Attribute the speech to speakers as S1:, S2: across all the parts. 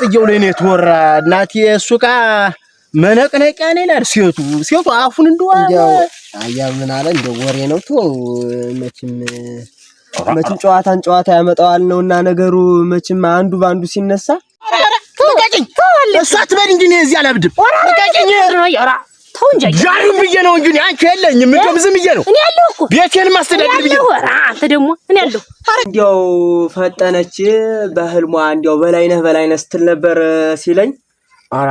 S1: ጥየው ላይ ነው የተወራ። እናት እሱ ቃ መነቅነቂያ ነው ይላል ሴቱ ሴቱ አፉን እንደዋ
S2: አያ ምን አለ እንደ ወሬ ነው ቶ መቼም መቼም ጨዋታን ጨዋታ ያመጣዋል ነውና ነገሩ መቼም አንዱ በአንዱ ሲነሳ
S1: ልቀቂኝ፣ እሷ ትበል እንጂ እዚህ አላብድም። ልቀቂኝ ተው እንጂ ጃዩም ብዬ ነው እንጂ አንቺ የለኝ ምንም ዝም ብዬ ነው እኔ ያለሁ እኮ ቤቴንም አስተዳደር
S3: ብዬ ነው። አንተ ደግሞ እኔ ያለሁ
S2: እንዲያው ፈጠነች በህልሟ እንዲያው በላይነህ በላይነህ ስትል ነበር ሲለኝ ኧረ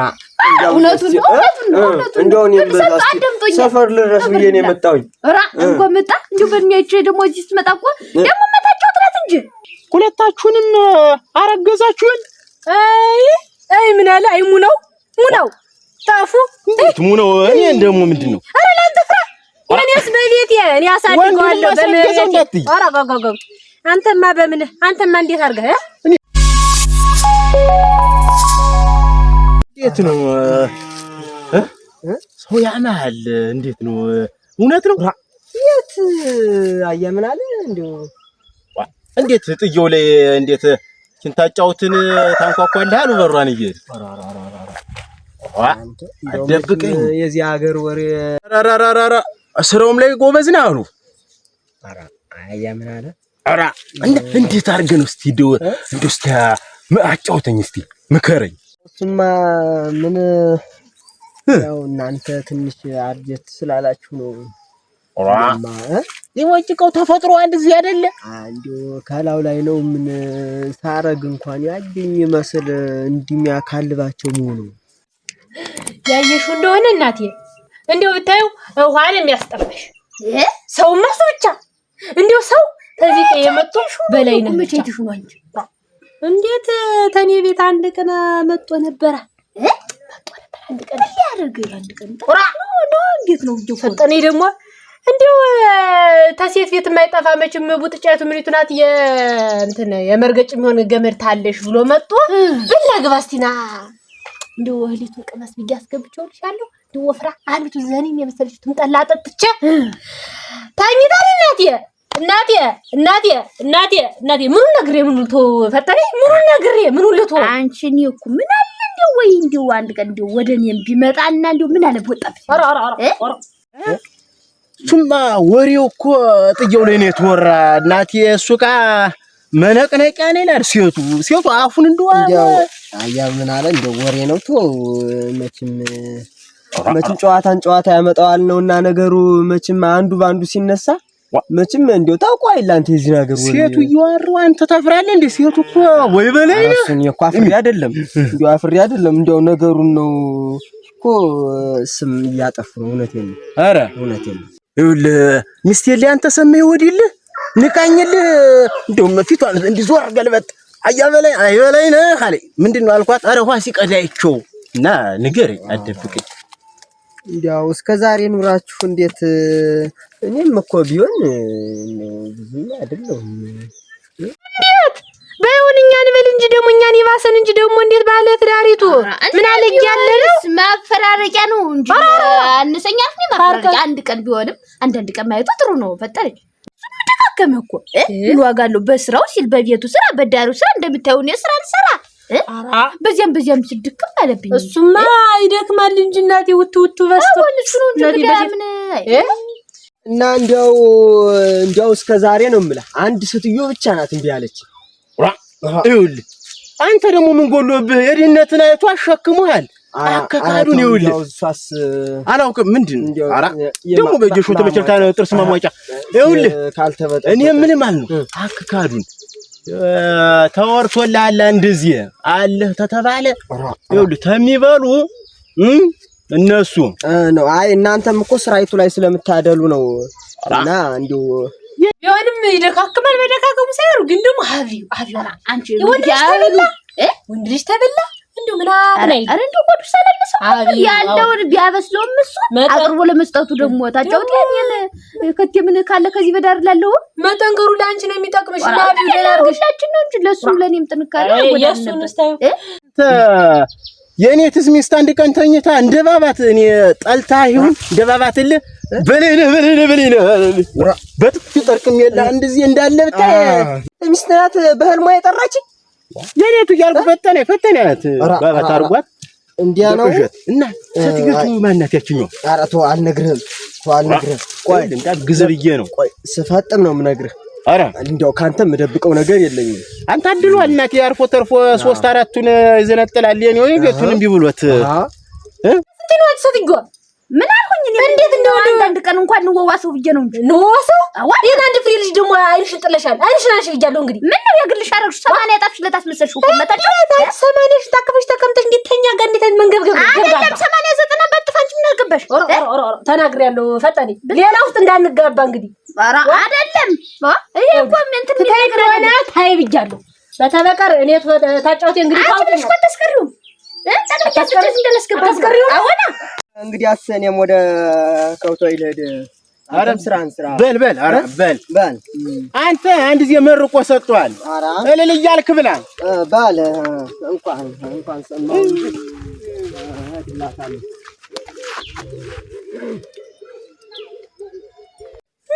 S2: እውነቱን ነው ነው
S3: ሰፈር ልድረስ ብዬ ነው የመጣሁኝ። እንኳን መጣ እንዲሁ በሚያይቼ ደግሞ እዚህ ስትመጣ እኮ ደግሞ መታችሁ ትላት እንጂ
S1: ሁለታችሁንም አረገዛችሁን።
S3: አይ አይ ምን አለ አይ ሙናው ሙናው ጠፉ
S1: እንትሙ ነው። እኔ ደግሞ ምንድን ነው?
S3: ኧረ ላንተፍራ እኔስ በቤቴ እኔ
S1: አሳድገዋለሁ በምቤቴ።
S3: ኧረ ጎጎጎ አንተማ በምን አንተማ እንዴት አድርገህ
S1: እንዴት ነው ሰው ያማል? እንዴት ነው? እውነት ነው።
S2: የት አያምን አለ እንደው
S1: እንዴት ጥየው ላይ እንዴት ሲንታጫውትን ታንኳኳልህ አሉ በሯን እየሄድን አደብቀኝ የዚህ ሀገር ወሬ ስራውም ላይ ጎበዝ ነህ አሉ። አያ ምን አለ? እንዴት አድርገን እስቲ እንደው እንደው እስቲ አጫውተኝ እስቲ ምከረኝ። እሱማ ምን ያው እናንተ ትንሽ አርጀት ስላላችሁ ነው። ተፈጥሮ አንድ አይደለ ከላው ላይ ነው። ምን ሳረግ እንኳን መስል እንዲሚያካልባቸው መሆኑ ያየሽው እንደሆነ እናቴ እንዲያው ብታዩ ውሃን የሚያስጠፋሽ ሰው ማስወጫ እንዲያው ሰው ከዚህ የመጡ በላይ ነው። እንዴት ተኔ ቤት አንድ ቀን መጥቶ ነበረ ፈጠኔ ደግሞ እንዲሁ ተሴት ቤት የማይጠፋ መቼም ቡጥጫቱ ምሪቱ ናት የእንትን የመርገጭ የሚሆን ገመድ ታለሽ ብሎ ብላ እንደ ወህሊቱን ቅመስ ብዬ አስገብቼዋለሁ። እንደ ወፍራ አንዲቱ ዘኔን የመሰለች ትምጣላ አጠጥቼ ታኝታል። እናቴ እናቴ እናቴ እናቴ እናቴ ምኑን ነግሬ ምኑን ልቶ ፈጠሪ ምኑን ነግሬ ምኑን ልቶ አንቺ እኔ እኮ ምን አለ እንደው ወይ እንደው አንድ ቀን እንደው ወደ እኔም እንደው ምን አለ በወጣብ እሱማ ወሬው እኮ ጥየው ላይ ነው የተወራ። እናቴ እሱ ዕቃ መነቅነቂያ ነው ይላል ሴቱ ሴቱ አፉን እንደው አያ ምን አለ እንደ ወሬ ነው ቶ መቼም መቼም ጨዋታን ጨዋታ ያመጣዋል ነውና ነገሩ መቼም አንዱ በአንዱ ሲነሳ መቼም እንደው ታውቀው አይደል አንተ የዚህ ነገር ወይ ሴቱ ይዋሩ አንተ ታፍራለህ እንዴ? ሴቱ እኮ ወይ በላይ እሱን እኮ አፍሬ አይደለም እንደው አፍሬ አይደለም እንደው ነገሩን ነው እኮ ስም እያጠፉ ነው። እውነቴን ነው። ኧረ እውነቴን ነው። ይኸውልህ ሚስቴ ላይ አንተ ሰማይ ወዲልህ ንቃኝልህ እንደውም ፊቷን እንዲዞር ገልበጥ አያበላይ አይበላይ ነህ አለኝ። ምንድን ነው አልኳት። ኧረ ውሃ ሲቀዳይቸው እና ንገር አደብቀኝ። እንዲያው እስከ ዛሬ ኑራችሁ እንዴት? እኔም እኮ ቢሆን ብዙ አይደለሁም ባይሆን እኛን በል እንጂ ደግሞ እኛን የባሰን እንጂ ደግሞ እንዴት ባለ ትዳሪቱ ምን አለ ያለ ነው ማፈራረቂያ ነው እንጂ አንሰኛት ነው ማፈራረቂያ። አንድ ቀን ቢሆንም አንዳንድ ቀን ማየቱ ጥሩ ነው ፈጠረኝ አልተዳከመ እኮ ምን ዋጋ አለው? በስራው ሲል በቤቱ ስራ በዳሩ ስራ እንደምታየው እኔ ስራ ልሰራ በዚያም በዚያም ስድክም አለብኝ። እሱማ ይደክማል እንጂ እናቴ ውት ውቱ በስቶ እና እንዲያው እንዲያው እስከ ዛሬ ነው የምልህ። አንድ ሴትዮ ብቻ ናት እምቢ አለች። ይኸውልህ አንተ ደግሞ ምን ጎሎብህ? የድህነትን አይቶ አሸክሞሃል። አካካዱን ይኸውልህ አላውቅም ምንድን ደግሞ በጀሾ ተመችልታ ጥርስ ማሟጫ ይኸውልህ እኔ ምን ማለት ነው አክካዱን ተወርቶልሃል እንደዚህ አለህ ተተባለ። ይኸውልህ ተሚበሉ እነሱ ነው። አይ እናንተም እኮ ስራይቱ ላይ ስለምታደሉ ነው። እና እንዲሁ ቢሆንም ይደካክማል። መደካከሙ ሳይሆን ግን ደግሞ ሀብዩ ሀብዩ አንቺ ወንድ ልጅ ተበላ ወንድ ልጅ ተበላ እንዲሁ ምናምን አይልም። እንዲሁ ወዱ ሰለል ያለውን ቢያበስለውም እሱ አቅርቦ ለመስጠቱ ደግሞ ታጫው ጤኔን ከቴ ምን ካለ ከዚህ በዳር ላለው መጠንገሩ ለአንቺ ነው የሚጠቅምሽ። ሁላችን ነው እንጂ ለሱ ለእኔም ጥንካሬ የእኔ ሚስት አንድ ቀን ተኝታ እንደባባት እኔ ጠልታ ይሁን እንደባባት ል ነህ በላይ ነህ በላይ በጥፊ ጠርቅም የለ አንድ እንዳለ ብታይ ሚስት ናት በህልሟ የጠራችኝ የኔቱ እያልኩ ፈተነ ፈተነ ያት ባባት አድርጓት እንዲያ ነው እና ሰትግቱ ማናት? ያችኛው ኧረ ተው አልነግርህም፣ ተው አልነግርህም። ቆይ ልምጣ ግዝብዬ ነው። ቆይ ስፈጥም ነው የምነግርህ። ኧረ እንዲያው ካንተ የምደብቀው ነገር የለኝም። አንተ አድሏል እናቴ። ያርፎ ተርፎ ሶስት አራቱን ይዘነጥላል። የኔ ወይ ቤቱን እምቢ ብሎት እ እንዴ ነው ሴትዮዋ ምን አልኩኝ? እንዴት እንደው አንዳንድ ቀን እንኳን እንወዋሰው ብዬ ነው እንጂ እንወዋሰው። ይሄን አንድ ፍሬ ልጅ ደግሞ አይንሽን ጥለሻል። አይንሽን አንሽ ብያለሁ። እንግዲህ ምን ነው የግልሽ አደረግሽው? ሰማንያ ጣፍሽ ለታስመሰልሽ እኮ መጣች። ሰማንያሽን ታከፈሽ ተቀምጠሽ እንዴት ተኛ ጋር እንዴት መንገብገብ አይደለም። ሰማንያ ዘጠና በጥፍ ምን አገባሽ? ተናግሬያለሁ። ፈጠኔ ሌላ ውስጥ እንዳንጋባ እንግዲህ። አይደለም፣ ይሄ እኮ እንትን ቢነገረኝ ታይ ብያለሁ። በተበቀር እኔ ታጫውቴ እንግዲህ ታውቁ ነው። አታስቀሪውም፣ አታስቀሪውም፣ አታስቀሪውም። አሁን እንግዲህ እኔም ወደ ከብቶ ይልሄድ ስራ እንስራ በል በል አረ በል በል አንተ አንድ ጊዜ መርቆ ሰጥቷል። አረ እልል እያልክ ብላ በል እንኳን እንኳን ሰማሁ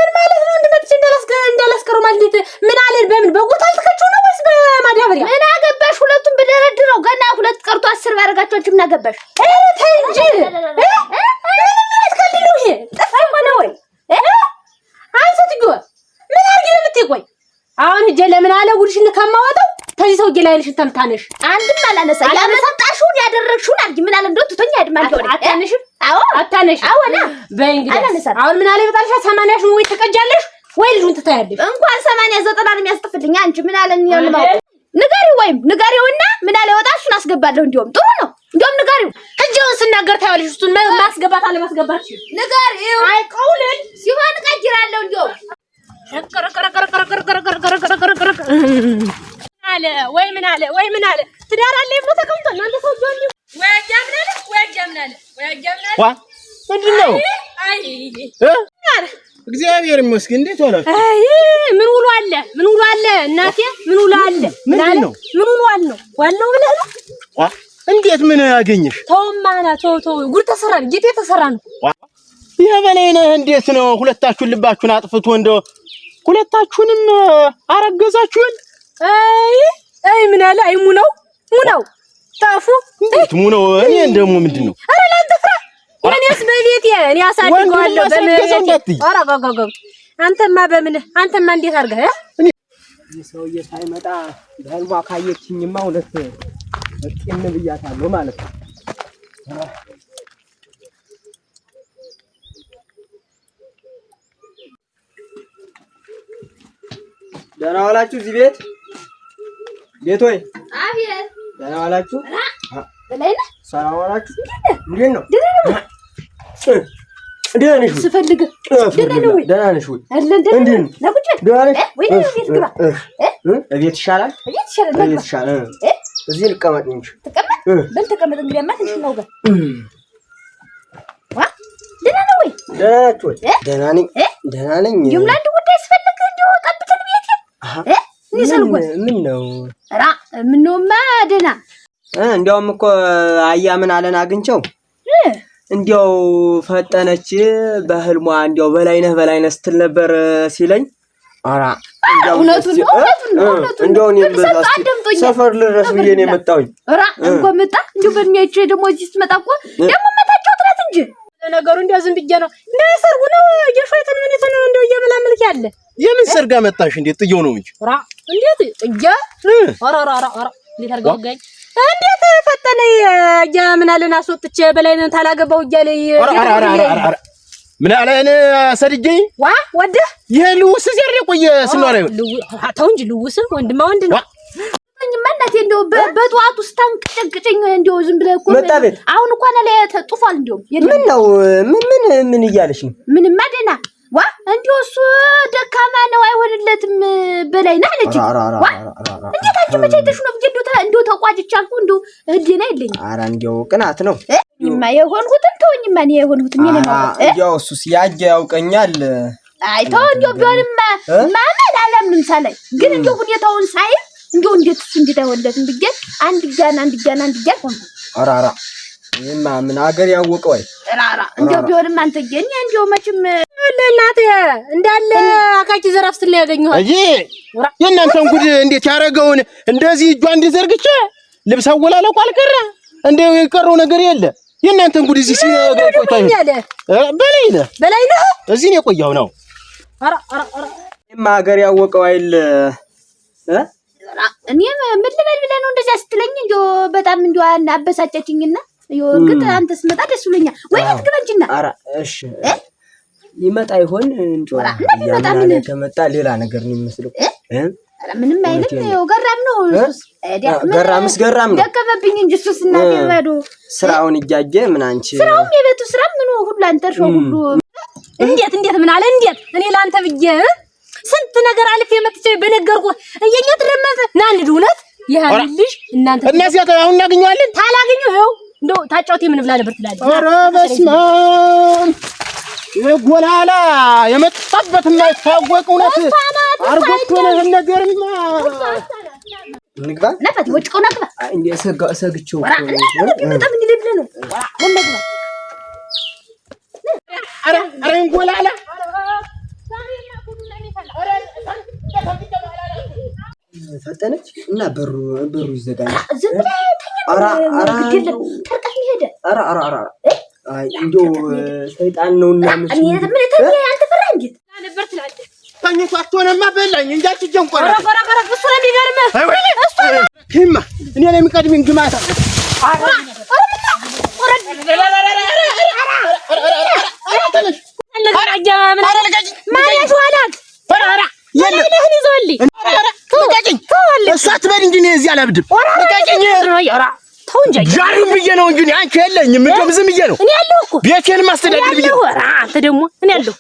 S1: ምን ማለት ነው? እንደ መጥቼ እንዳላስቀሩ ማለት ምን አለን? በምን በጎታ አልተከቸው ነው ወይስ በማዳበሪያ? ምን አገባሽ? ሁለቱም ብደረድረው ገና ሁለት ቀርቶ አስር ባደረጋቸዋችሁ ምን አገባሽ? ኧረ ተይ እንጂ አሁን እጄ ለምን አለ ጉድሽን ከማወጣው ከዚህ ሰውዬ ላይ ልሽን ተምታነሽ አንድም አላነሳ ያመጣሽውን ያደረግሽውን አድርጊ ምን አለ እንደው ትቶኛ አድማ አድማል ይወድ አታነሽ። በእንግዲህ አሁን ምን አለ ይመጣልሻል። ሰማንያ ወይ ትቀጃለሽ ወይ ልጁን ትታያለሽ። እንኳን ሰማንያ ዘጠና ነው የሚያስጥፍልኝ። አንቺ ምን አለ ንገሪው፣ ወይም ንገሪውና ምን አለ ይወጣ፣ እሱን አስገባለሁ። እንዲያውም ጥሩ ነው። እንዲያውም ንገሪው እጅውን ስናገር ታያለሽ። እሱን ማስገባት አለ ማስገባት ንገሪው። አይ ቀውልን ሲሆን ቀጅራለሁ። እንዲያውም ወይ ምንድን ነው? እግዚአብሔር ይመስገን። እንዴት ሆነ? አይ ምን ውሎ አለ? ምን ውሎ አለ? እናቴ ምን ውሎ አለ? ምንድን ነው? ምን ውሎ አለ? ዋለው ብለህ ነው? እንዴት ምን አገኘሽ? ተውማ ና ተው ተው፣ ጉድ ተሰራ ነው፣ ጌጤ ተሰራ ነው። ይሄ በላይነህ እንዴት ነው? ሁለታችሁን ልባችሁን አጥፍቶ እንደው ሁለታችሁንም አረገዛችሁን? አይ አይ ምን አለ? አይ ሙነው ሙነው ጠፉ እንትሙ ነው። እኔ ደግሞ ምንድን ነው? ኧረ ላንተፍራ እኔስ በቤቴ እኔ አሳድገዋለሁ በምሬት። ኧረ ጎጎጎ አንተማ በምን አንተማ እንዴት አድርገህ ይህ ሰውዬ ሳይመጣ በህልሟ ካየችኝማ ሁለት ጤን ብያታለሁ ማለት ነው። ደህና ዋላችሁ እዚህ ቤት ቤት ወይ ደህና ዋላችሁ። ሰላም ዋላችሁ። እንዴት ነው? ደህና ነሽ? ስፈልግ ደህና ነሽ ወይ? እቤት ይሻላል። እዚህ ልቀመጥ እንጂ ተቀመጥ። በል ተቀመጥ። እንግዲያማ ትንሽ ነው ጋር ደህና ነኝ። ደህና ነኝ። ጉዳይ ስፈልግ እንዲሁ ቀብትን ቤት ምን ነው ራ ምነውማ ደህና እንዲያውም እኮ አያምን አለን አግኝቸው እንዲያው ፈጠነች በህልሟ እንዲያው በላይነህ በላይነህ ስትል ነበር ሲለኝ አራ እውነቱን ነው እውነቱን ነው እውነቱን ሰፈር ልድረስ ብዬ ነው የመጣሁኝ እንኮ መጣ እንዲሁ በሚያይቼ ደግሞ እዚህ ስትመጣ እኮ ደግሞ መታቸው ትላት እንጂ ነገሩ እንዲያው ዝም ብዬ ነው እንደ ሰርጉ ነው የሾይተን ምን የተነው እንደው እየመላመልክ ያለ የምን ሰርጋ መጣሽ እንዴ? ጥየው ነው እንጂ እንዴት ጥያ አራራራ እንዴት አድርገው ወጋኝ። እንዴት ፈጠነ እያ ምን አለን አስወጥቼ በላይን ታላገባው እያለ ምን አለን ሰድጄ ዋ ወደ ይሄ ልውስ ሲያር የቆየ ስኖር ተው እንጂ ልውስ ወንድማ ወንድ ነው። እናቴ እንደው በጠዋቱ ስታንቀጨቅጨኝ እንደው ዝም ብለህ እኮ አሁን እንኳን ላይ ጡፏል። እንደው ምን ነው ምን ምን ምን እያለሽ ነው? ምንም ከሁለትም በላይ ነው አለች። እንዴት አንቺ መቼ አይተሽ ነው እንጂ እንዶ ተቋጭቼ አልኩ እንዶ ህሊና የለኝም። ኧረ እንዲያው ቅናት ነው ማ የሆንሁትም። ተወኝማ እኔ የሆንሁትም ምን ነው ያው እሱስ ያየ ያውቀኛል። አይ ተው እንዲያው ቢሆንም ማመን አላምንም ሳላይ ግን እንዲያው ሁኔታውን ሳይ እንዲያው እንዴት እሱ እንዴት አይሆንለትም ብዬሽ አንድ ጋን አንድ ጋን አንድ ጋን ሆንኩ። ኧረ ኧረ ይሄማ ምን አገር ያወቀው አይ ጠራራ እንዲያው ቢሆንም አንተ ገኝ እንዲያው መቼም እንዳለ አካኪ ዘራፍ ስለ ያገኘኋት እዬ የእናንተን ጉድ እንዴት ያደረገውን እንደዚህ እጇ እንዴት ልብስ አወላለቁ አልቀረ እንደው የቀረው ነገር የለ። የእናንተን ጉድ እዚህ እዚህ ነው የቆየው ነው። ሀገር ያወቀው አይል እ እኔ ምን ልበል ብለህ ነው እንደዚያ ስትለኝ እንዲያው በጣም እንዲያው አበሳጨችኝና እርግጥ አንተ ስመጣ ደስ ብሎኛል። ወይ ትግባ እንጂና እሺ ይመጣ ይሆን ከመጣ ሌላ ነገር ነው የሚመስለው። ምንም አይልም። ይኸው ገራም ነው ገራምስ ገራም ነው ደከመብኝ እንጂ እሱስ እናቴ ስራውን እያየ ምን አንቺ ስራውም የቤቱ ስራ ምን ሁሉ አንተ ሾ ሁሉ እንዴት እንዴት ምን አለ እንዴት እኔ ለአንተ ብዬ ስንት ነገር አልፌ መጥቼ በነገርኩ እየኛ ትረመዘ ናንድ እውነት ይህ ልጅ እናንተ እነዚህ አሁን እናገኘዋለን ታላገኘው ይኸው እንደው ታጫውት ምን ብላ ነበር ትላለች። ኧረ በስመ አብ የጎላላ የመጣበት የማይታወቅ እውነት አርጎት ሆነ ነገርማ ንግባ ነፋት ወጭቆ ነግባ እንዴ ሰጋ ሰግቸው በጣም እንዴ ብለ ነው አረ አረ እንጎላላ ፈጠነች እና በሩ በሩ ይዘጋል ዝም ብለህ ሰይጣን ነውና ተኝቶ አትሆነማ በላኝ እንጃችሁ ጀንቆረ ይማ እኔ ላይ የሚቀድሚኝ ግማታ እሷ ትበል እንጂ እኔ እዚህ አላብድም። ተው እንጂ ጃዩን ብዬ ነው እንጂ አንቺ የለኝም። እንደውም ዝም ብዬ ነው እኔ ያለሁ እኮ ቤቴንም አስተዳደር ብዬ ነው። አንተ ደግሞ እኔ ያለሁ